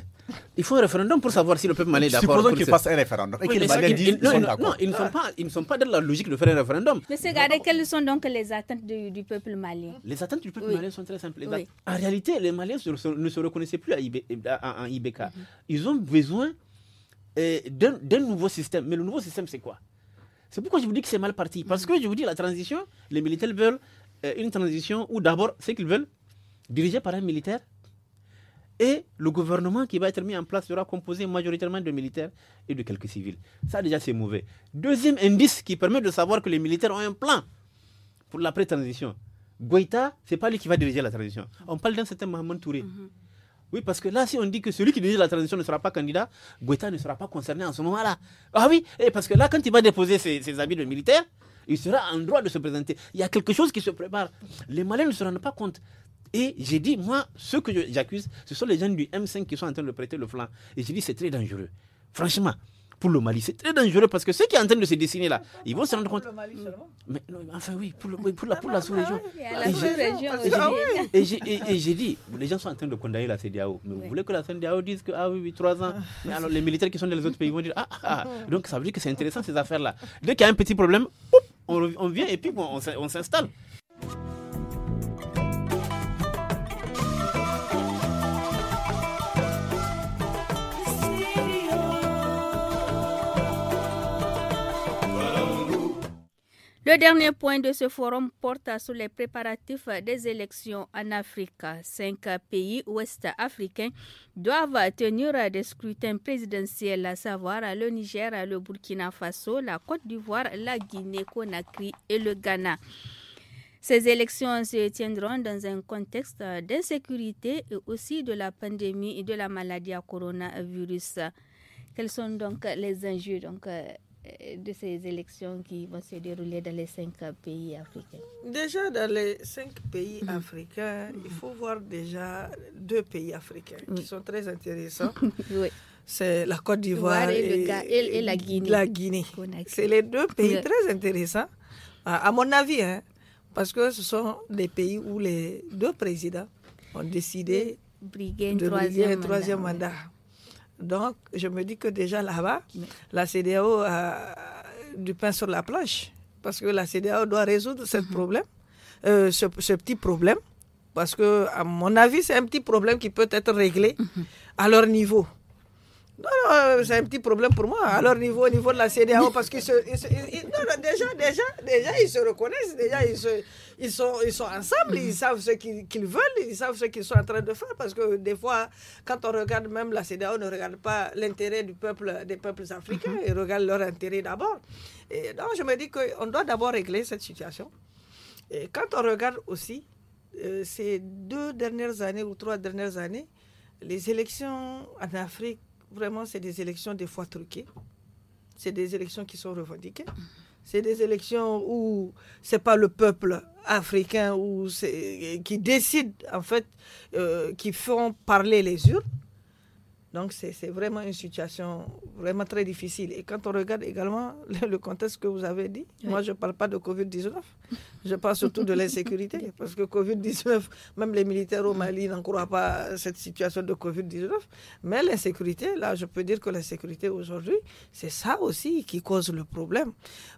Il faut un référendum pour savoir si le peuple malien est d'accord. Supposons qu'il fasse un référendum et que les disent sont d'accord. Non, ils ne sont, pas, ils sont pas dans la logique de faire un référendum. Monsieur Gary, quelles sont donc les attentes du, peuple malien Les attentes du peuple malien sont très simples. Eh ben, en réalité, les Maliens ne se reconnaissaient plus en Ibeka IBK. Mhm. Ils ont besoin eh, d'un nouveau système. Mais le nouveau système, c'est quoi c'est pourquoi je vous dis que c'est mal parti. Parce que je vous dis, la transition, les militaires veulent euh, une transition où d'abord, ce qu'ils veulent, dirigé par un militaire, et le gouvernement qui va être mis en place sera composé majoritairement de militaires et de quelques civils. Ça, déjà, c'est mauvais. Deuxième indice qui permet de savoir que les militaires ont un plan pour l'après-transition. Goïta, ce n'est pas lui qui va diriger la transition. On parle d'un certain Mohamed Touré. Mhm. Oui, parce que là, si on dit que celui qui dirige la transition ne sera pas candidat, Guetta ne sera pas concerné en ce moment-là. Ah oui, parce que là, quand il va déposer ses, habits de militaire, il sera en droit de se présenter. Il y a quelque chose qui se prépare. Les Malais ne se rendent pas compte. Et j'ai dit, moi, ceux que j'accuse, ce sont les gens du M5 qui sont en train de prêter le flanc. Et j'ai dit, c'est très dangereux. Franchement, pour le Mali. C'est très dangereux parce que ceux qui sont en train de se dessiner là, ils vont se rendre compte. Pour le Mali mm. Mais non, enfin oui, pour, la, pour la ah ah sous-région. Et j'ai dit, les gens sont en train de condamner la CDAO. Mais vous voulez que la CDAO dise que, ah oui, oui, trois ans. Ah. Mais alors les militaires qui sont dans les autres pays vont dire, ah, ah, ah. Donc ça veut dire que c'est intéressant ces affaires-là. Dès qu'il y a un petit problème, on, on vient et puis on s'installe. Le dernier point de ce forum porte sur les préparatifs des élections en Afrique. Cinq pays ouest-africains doivent tenir des scrutins présidentiels, à savoir le Niger, le Burkina Faso, la Côte d'Ivoire, la Guinée-Conakry et le Ghana. Ces élections se tiendront dans un contexte d'insécurité et aussi de la pandémie et de la maladie à coronavirus. Quels sont donc les enjeux euh, de ces élections qui vont se dérouler dans les cinq pays africains Déjà dans les cinq pays mm. africains, il faut voir déjà deux pays africains qui mm. sont très intéressants. C'est la Côte d'Ivoire et, la Guinée. C'est les deux pays très intéressants, à, mon avis, hein, parce que ce sont des pays où les deux présidents ont décidé de briguer un troisième mandat. Donc, je me dis que déjà là-bas, la CDAO a euh, du pain sur la planche, parce que la CDAO doit résoudre ce mhm. problème, euh, ce, petit problème, parce que, à mon avis, c'est un petit problème qui peut être réglé mhm. à leur niveau. Non, non, euh, c'est un petit problème pour moi. Alors, niveau, au niveau de la CDAO, parce qu'ils se. non, déjà, déjà, déjà, ils se reconnaissent, déjà, ils, ils, sont, ils sont ensemble, ils savent ce qu'ils veulent, ils savent ce qu'ils sont en train de faire, parce que des fois, quand on regarde même la CDAO, ne regarde pas l'intérêt du peuple, des peuples africains, mhm. ils regardent leur intérêt d'abord. Et donc, je me dis qu'on doit d'abord régler cette situation. Et quand on regarde aussi, euh, ces deux dernières années ou trois dernières années, les élections en Afrique vraiment, c'est des élections des fois truquées. C'est des élections qui sont revendiquées. C'est des élections où c'est pas le peuple africain qui décide, en fait, euh, qui font parler les urnes donc c'est vraiment une situation vraiment très difficile. Et quand on regarde également le, contexte que vous avez dit, moi je ne parle pas de Covid-19, je parle surtout de l'insécurité, parce que Covid-19, même les militaires au Mali n'en croient pas cette situation de Covid-19. Mais l'insécurité, là je peux dire que l'insécurité aujourd'hui, c'est ça aussi qui cause le problème.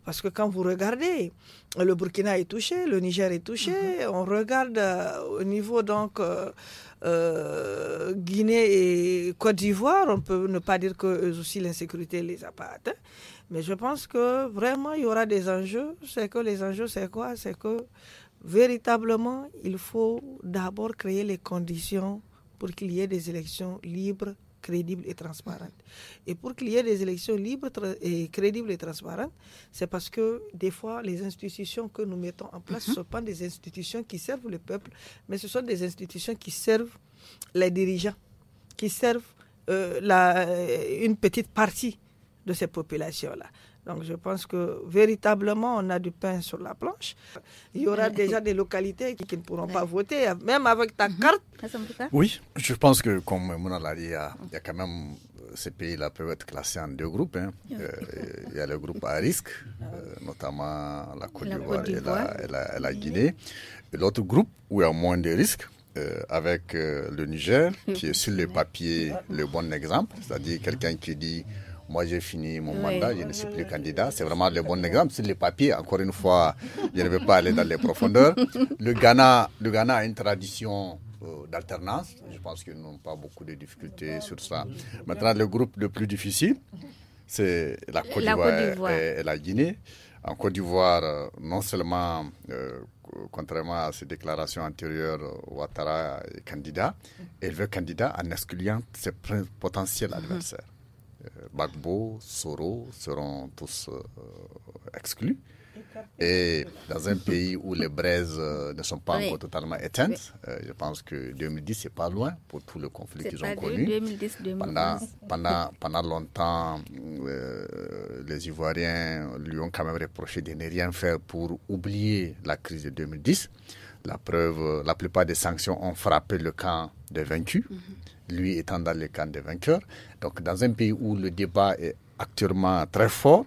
Parce que quand vous regardez, le Burkina est touché, le Niger est touché, mm-hmm. on regarde euh, au niveau donc... Euh, euh, Guinée et Côte d'Ivoire, on peut ne pas dire que aussi l'insécurité les a hein. Mais je pense que vraiment il y aura des enjeux. C'est que les enjeux, c'est quoi C'est que véritablement, il faut d'abord créer les conditions pour qu'il y ait des élections libres, crédibles et transparente. Et pour qu'il y ait des élections libres, et crédibles et transparentes, c'est parce que des fois, les institutions que nous mettons en place, ne mhm. sont pas des institutions qui servent le peuple, mais ce sont des institutions qui servent les dirigeants, qui servent euh, la, euh, une petite partie de ces populations-là. Donc je pense que véritablement, on a du pain sur la planche. Il y aura déjà des localités qui, ne pourront pas voter, même avec ta mhm. carte. Ah, oui, je pense que comme Mouna l'a dit, il y, a, quand même euh, ces pays-là peuvent être classés en deux groupes. Hein. Euh, il y a le groupe à risque, ah euh, notamment la Côte d'Ivoire et, la, Guinée. l'autre groupe où il y a moins de risques, avec le Niger, qui est sur le papier le bon exemple, c'est-à-dire quelqu'un qui dit moi, j'ai fini mon mandat, je ne suis plus candidat. C'est vraiment le bon exemple. Sur les papiers, encore une fois, je ne veux pas aller dans les profondeurs. Le Ghana, le Ghana a une tradition euh, d'alternance. Je pense qu'ils n'ont pas beaucoup de difficultés sur ça. Maintenant, le groupe le plus difficile, c'est la Côte d'Ivoire et, la Guinée. En Côte d'Ivoire, euh, non seulement, euh, contrairement à ses déclarations antérieures, Ouattara est candidat, elle veut candidat en excluant ses potentiels mhm. adversaires. Euh, Bagbo, Soro seront tous euh, exclus. Et dans un pays où les braises euh, ne sont pas encore totalement éteintes, je pense que 2010, n'est pas loin pour tout le conflit qu'ils ont connu. Pendant, pendant, longtemps, les Ivoiriens lui ont quand même reproché de ne rien faire pour oublier la crise de 2010. La preuve, la plupart des sanctions ont frappé le camp des vaincus. Mhm lui étant dans le camp des vainqueurs. Donc dans un pays où le débat est actuellement très fort,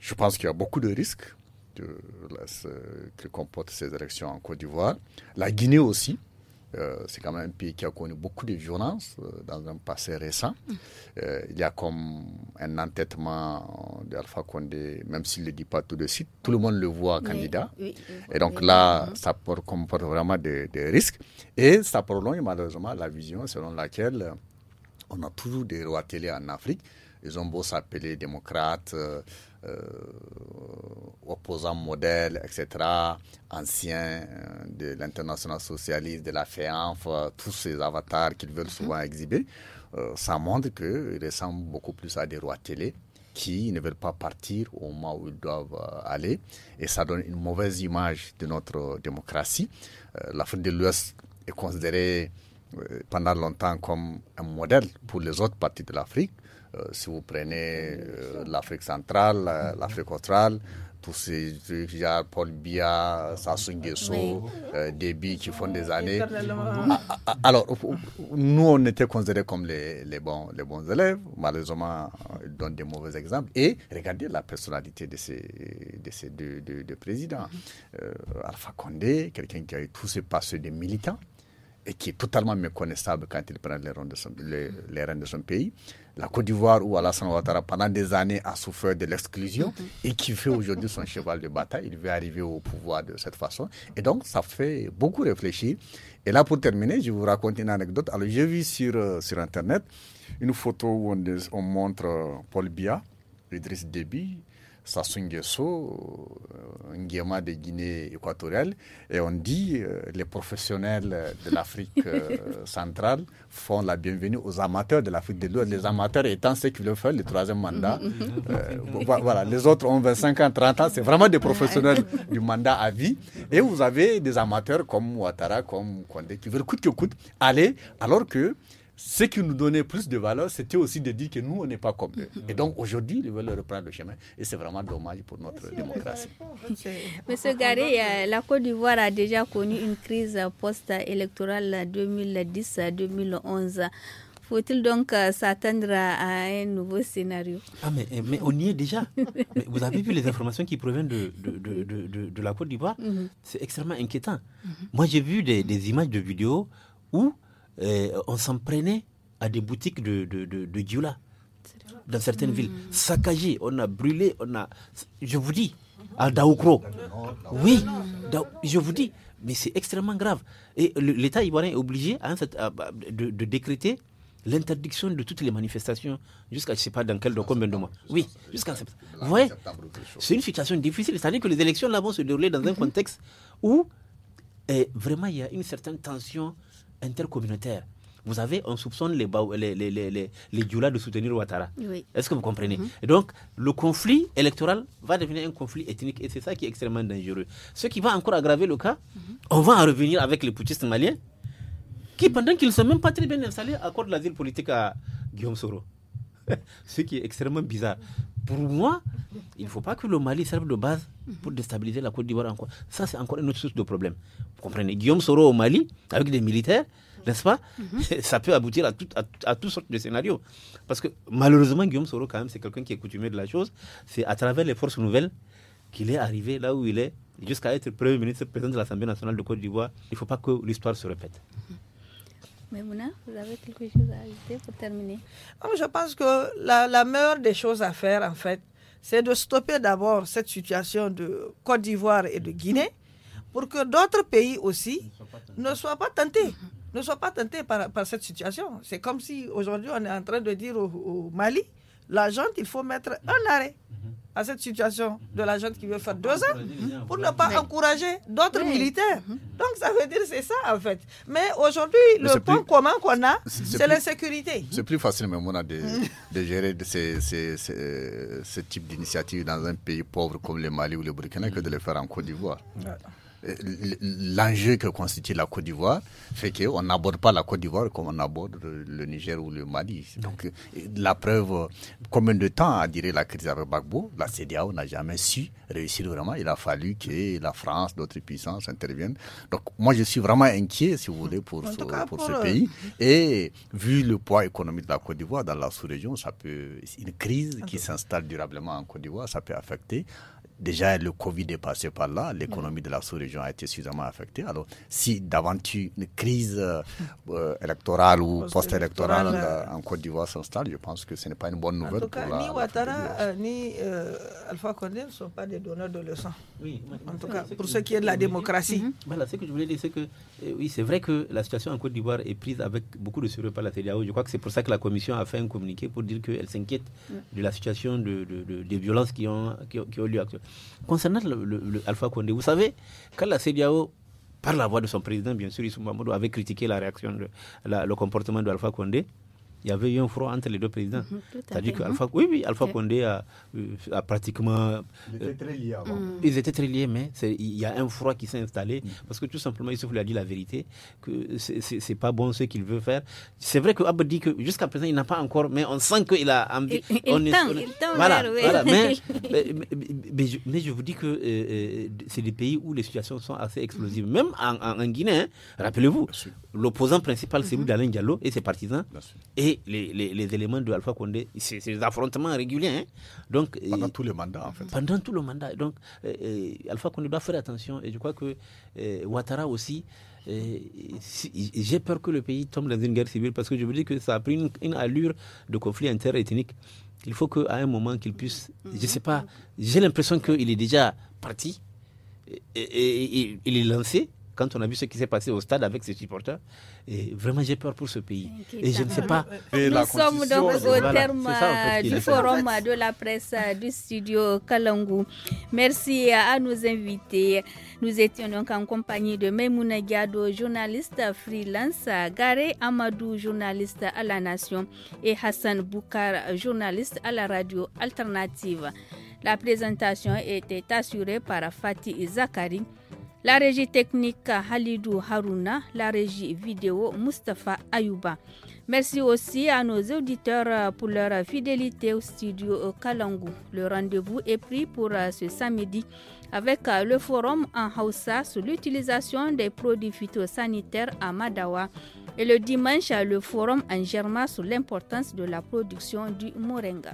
je pense qu'il y a beaucoup de risques que, euh, que comportent ces élections en Côte d'Ivoire. La Guinée aussi, euh, c'est quand même un pays qui a connu beaucoup de violences euh, dans un passé récent. Mm. Euh, il y a comme un entêtement d'Alpha Condé, même s'il ne le dit pas tout de suite, tout le monde le voit candidat. et donc là, ça comporte vraiment des, risques. Et ça prolonge malheureusement la vision selon laquelle on a toujours des rois télé en Afrique. Ils ont beau s'appeler démocrates. Euh, opposants modèles, etc., anciens euh, de l'international socialiste, de la FEANF, e euh, tous ces avatars qu'ils veulent souvent mhm. exhiber, ça montre qu'ils ressemblent beaucoup plus à des rois télé qui ne veulent pas partir au moment où ils doivent aller. Et ça donne une mauvaise image de notre démocratie. L'Afrique de l'Ouest est considérée pendant longtemps comme un modèle pour les autres parties de l'Afrique. Euh, si vous prenez euh, l'Afrique centrale, l'Afrique australe, tous ces trucs, Paul Biya, Sassou Nguesso, euh, Déby qui font des années. Ah, ah, ah, alors, nous, on était considérés comme les, les, bons, les bons élèves. Malheureusement, ils donnent des mauvais exemples. Et regardez la personnalité de ces, de ces deux, présidents. Alpha Condé, quelqu'un qui a eu tous ses passés de militants et qui est totalement méconnaissable quand il prend les rênes les rênes de son pays la Côte d'Ivoire ou Alassane Ouattara, pendant des années, a souffert de l'exclusion mm-hmm. et qui fait aujourd'hui son cheval de bataille. Il veut arriver au pouvoir de cette façon. Et donc, ça fait beaucoup réfléchir. Et là, pour terminer, je vous raconte une anecdote. Alors, j'ai vu sur, euh, sur Internet une photo où on, montre euh, Paul Biya Idriss Déby, Sassou Nguesso, euh, Nguema de Guinée équatoriale, et on dit euh, les professionnels de l'Afrique euh, centrale font la bienvenue aux amateurs de l'Afrique de l'Ouest, les amateurs étant ceux qui veulent faire le troisième mandat. Mhm. voilà, les autres ont 25 ans, 30 ans, c'est vraiment des professionnels du mandat à vie. Et vous avez des amateurs comme Ouattara, comme Kondé, qui veulent coûte que coûte aller, alors que ce qui nous donnait plus de valeur, c'était aussi de dire que nous, on n'est pas comme eux. Et donc aujourd'hui, ils veulent reprendre le chemin. Et c'est vraiment dommage pour notre démocratie. Monsieur Garé, euh, la Côte d'Ivoire a déjà connu une crise post-électorale 2010-2011. Faut-il donc euh, s'attendre à un nouveau scénario Ah, mais, eh, mais on y est déjà. vous avez vu les informations qui proviennent de, de, de, la Côte d'Ivoire mhm. C'est extrêmement inquiétant. Mhm. Moi, j'ai vu des, des images de vidéos où euh, on s'en prenait à des boutiques de, de, de, Dioula, dans certaines mm. villes. Saccagé, on a brûlé, on a. Je vous dis, à Daoukro. Oui, je vous dis, mais c'est extrêmement grave. Et l'État ivoirien est obligé hein, ah, bah, de, décréter l'interdiction de toutes les manifestations jusqu'à je ne sais pas dans quel combien de mois. Oui, jusqu'à Vous voyez, c'est une situation difficile. C'est-à-dire que les élections là vont se dérouler dans un mm-hmm. contexte où eh, vraiment il y a une certaine tension intercommunautaire. Vous avez, on soupçonne les, les, les, les, de soutenir Ouattara. Est-ce que vous comprenez mhm. Donc, le conflit électoral va devenir un conflit ethnique et c'est ça qui est extrêmement dangereux. Ce qui va encore aggraver le cas, mhm. on va en revenir avec les putschistes maliens qui, pendant qu'ils ne sont même pas très bien installés, accordent l'asile politique à Guillaume Soro. Ce qui est extrêmement bizarre pour moi, il ne faut pas que le Mali serve de base pour déstabiliser la Côte d'Ivoire encore. Ça, c'est encore une autre source de problème. Vous comprenez Guillaume Soro au Mali, avec des militaires, n'est-ce pas mhm. Ça peut aboutir à, toutes sortes de scénarios. Parce que malheureusement, Guillaume Soro, quand même, c'est quelqu'un qui est coutumé de la chose. C'est à travers les forces nouvelles qu'il est arrivé là où il est, jusqu'à être Premier ministre, président de l'Assemblée nationale de Côte d'Ivoire. Il ne faut pas que l'histoire se répète. Mhm. Mouna, vous avez quelque chose à ajouter pour terminer ah, Je pense que la, meilleure des choses à faire, en fait, c'est de stopper d'abord cette situation de Côte d'Ivoire et de Guinée pour que d'autres pays aussi ne soient pas tentés. Ne pas tentés par, cette situation. C'est comme si aujourd'hui on est en train de dire au, Mali, la gente, il faut mettre un arrêt. Mhm à cette situation de la jeune qui veut faire deux ans pour ne pas encourager d'autres militaires. Mm-hmm. Donc ça veut dire c'est ça en fait. Mais aujourd'hui, le point commun qu'on a, c'est l'insécurité. C'est plus facile, mais on a de, mm. de gérer ces, ces, ces, euh, ce type d'initiative dans un pays pauvre comme le Mali ou le Burkina que de le faire en Côte d'Ivoire l'enjeu que constitue la Côte d'Ivoire fait qu'on n'aborde pas la Côte d'Ivoire comme on aborde le Niger ou le Mali. Donc, la preuve, combien de temps a duré la crise avec Bagbo La CDAO n'a jamais su réussir vraiment. Il a fallu que la France, d'autres puissances interviennent. Donc, moi, je suis vraiment inquiet, si vous voulez, pour, ce, pour, ce pays. Et vu le poids économique de la Côte d'Ivoire dans la sous-région, ça peut, une crise qui s'installe durablement en Côte d'Ivoire, ça peut affecter déjà le Covid est passé par là, l'économie de la sous-région a été suffisamment affectée. Alors, si d'aventure une crise euh, euh, électorale ou post-électorale euh. en Côte d'Ivoire s'installe, je pense que ce n'est pas une bonne nouvelle. En tout cas, ni Ouattara ni Alpha Condé ne sont pas des donneurs de leçons. en tout cas, pour ce qui est de la démocratie. Voilà, ce que je voulais dire, c'est que oui, c'est vrai que la situation en Côte d'Ivoire est prise avec beaucoup de sérieux par la CDAO. Je crois que c'est pour ça que la Commission a fait un communiqué pour dire qu'elle s'inquiète mm. de la situation de, des violences qui ont, qui, ont lieu actuellement. Concernant le, Alpha Condé, vous savez, quand la CDAO par la voix de son président, bien sûr, Issou Mamadou avait critiqué la réaction, de, le comportement de Alpha Condé il y avait eu un froid entre les deux présidents. Mhm, cest oui, oui, Alpha Condé euh, a, pratiquement. Ils étaient très liés avant. Mhm. Ils étaient très liés, mais il y a un froid qui s'est installé parce que tout simplement, il se a dit la vérité, que n'est pas bon ce qu'il veut faire. C'est vrai que dit que jusqu'à présent, il n'a pas encore, mais on sent qu'il a envie. Il, voilà, mais, je, vous dis que euh, euh, c'est des pays où les situations sont assez explosives. Mhm. Même en, Guinée, hein, rappelez-vous, l'opposant principal, c'est vous, d'Alain Diallo et ses partisans les, les, éléments de Alpha Condé, c'est des affrontements réguliers. Hein. Donc, euh, pendant tout le mandat, en fait. Pendant tout le mandat. Donc, euh, euh, Alpha Condé doit faire attention. Et je crois que Ouattara aussi. J'ai peur que le pays tombe dans une guerre civile parce que je vous dis que ça a pris une, allure de conflit interethnique. Il faut qu'à un moment qu'il puisse, je ne mhm. sais pas, j'ai l'impression qu'il est déjà parti, et, il est lancé, quand on a vu ce qui s'est passé au stade avec ses supporters, et vraiment j'ai peur pour ce pays. Et je ne sais pas. Nous sommes donc au terme euh, du forum de la presse euh, du studio Kalangu. Merci à nos invités. Nous étions donc en compagnie de Memouna Gado, journaliste freelance, Garé Amadou, journaliste à la Nation, et Hassan Boukar, journaliste à la radio alternative. La présentation était assurée par Fatih Zakari. La régie technique Halidou Harouna, la régie vidéo Mustafa Ayouba. Merci aussi à nos auditeurs euh, pour leur fidélité au studio euh, Kalangou. Le rendez-vous est pris pour euh, ce samedi avec le forum en Hausa sur l'utilisation des produits phytosanitaires à Madawa et le dimanche le forum en Germa sur l'importance de la production du moringa.